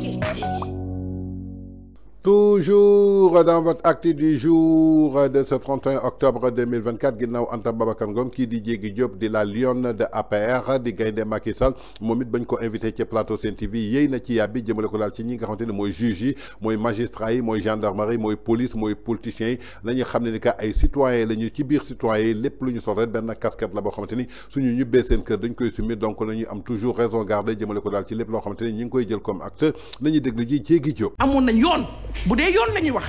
되겠지. 예. Toujours dans votre acte du jour de ce 31 octobre 2024, ginnaaw Anta Babacar Ngom kii di Diégui Diop di la lionne de APR di gaynde Macky Momit moom ko invité ci plateau Sen TV yéey na ci yàbbi jëmale ko daal ci ñi nga xamante juge yi magistrat yi gendarmerie mooy police mooy politicien, yi nañu xam ne ni ay citoyens les ci biir citoyens les plus lu ñu sol rek benn casquette la boo xamante ni suñu ñubbee seen kër dañ koy summi donc nañu am toujours raison garder jëmale ko daal ci lépp loo xamante ni ñi ngi koy jël comme acte nañuy déglu ji Diégui Diop amoon bu dee lañuy wax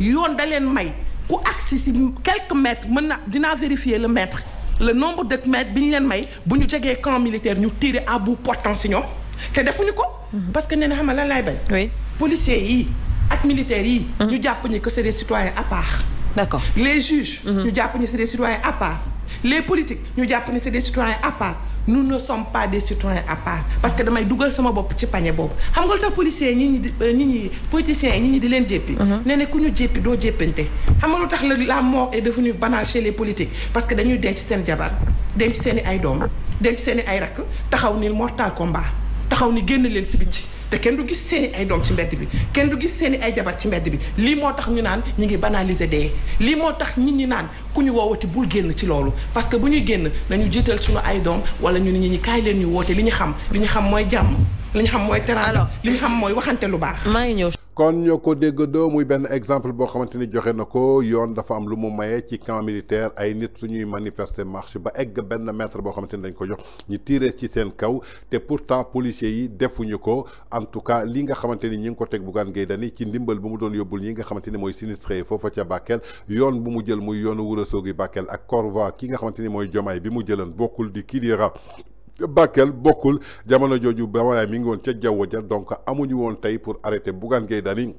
yoon da leen may ku agsi ci quelques mètres mën na dinaa vérifier le mètre le nombre de mètres bi ñu leen may bu ñu jegee camp militaire ñu tiré à bout portant si ñoom te defuñu ko. Mhm. parce que nee xama xam nga lan bañ. oui policiers yi ak militaires yi. Mhm. ñu jàpp ni que c'est des citoyens à part. d'accord les juges. Mhm. ñu jàpp ni c'est des citoyens à part les politiques ñu jàpp ni c'est des citoyens à part. nous ne sommes pas des citoyens à parce que damay dugal sama bopp ci pañe boobu xam nga lu tax policiers ñi ñi di ñi euh, ñi politiciens yi ñi ñi di leen jéppi uh-huh. nee na ku ñu jéppi doo jéppante xam nga lu tax la la mort est devenue banale chez les politiques parce que dañuy ci seen jabar denc seen i ay doom denc seen i ay rakk taxaw ni mortal combat taxaw ni génn leen si biti te kenn du gis seeni ay doom ci mbedd bi kenn du gis seeni ay jabar ci mbedd bi lii moo tax ñu naan ñu ngi banaliser de lii moo tax ñi ñi naan ku ñu woowati bul génn ci loolu parce que bu ñuy génn ñu jiital suñu ay doom wala ñu nit ñi kaay leen ñu wootee li ñu xam li ñu xam mooy jàmm li ñu xam mooy teraanga li ñu xam mooy waxante lu baax maa ngi ñëw kon ñoo ko dégg muy benn exemple boo xamante ni joxe na ko yoon dafa am lu mu maye ci camp militaire ay nit suñuy manifester marche ba egg benn metre boo xamante ni dañ ko jox ñi tiiree ci seen kaw te pourtant policiers yi defuñu ko en tout cas li nga xamante ni ñi ngi ko teg Bougane Gueye Dany ci ndimbal bu mu doon yóbbul ñi nga xamante ni mooy sinistre yi foofa ca Bakel yoon bu mu jël muy yoonu Wourossogui Bakel ak Corvois ki nga xamante ni mooy Diomaye bi mu jëlan bokkul di kii di Bakel bokkul jamono jooju ba waaye mi ngi woon ca jaww ja donc amuñu woon tey pour arrêter Bougane Gueye Dany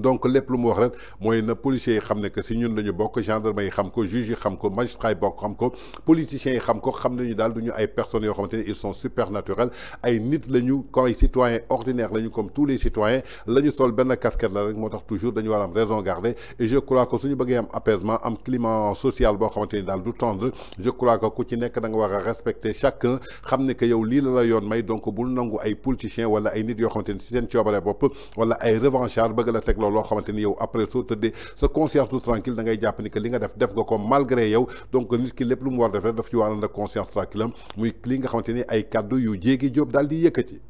donc lepp lu mu wax rek moy na policier yi xam que si ñun lañu bok gendarme yi xam ko juge yi xam ko magistrat yi bok xam ko politiciens yi xam ko xam nañu dal duñu ay personnes yo xamanteni ils sont supernaturels ay nit lañu ñu comme ay citoyens ordinaires la comme tous les citoyens lañu sol ben casquette la rek motax toujours dañu wara am raison garder et je crois que suñu bëggé am apaisement am climat social bo xamanteni dal du tendre je crois que ku ci nek da nga wara respecter chacun xamne que yow li la la yoon may donc bul nangu ay politiciens wala ay nit yo xamanteni ci si seen coobare bopp wala ay revanchard bëgg la teg la loo xamante ni yow après soo tëddee sa conscience tout tranquille da ngay jàpp ni que li nga def def nga ko malgré yow donc nit ki lépp lu mu war def daf ci war a conscience tranquille am muy li nga xamante ni ay kàddu yu jéegi jóob daal di yëkkati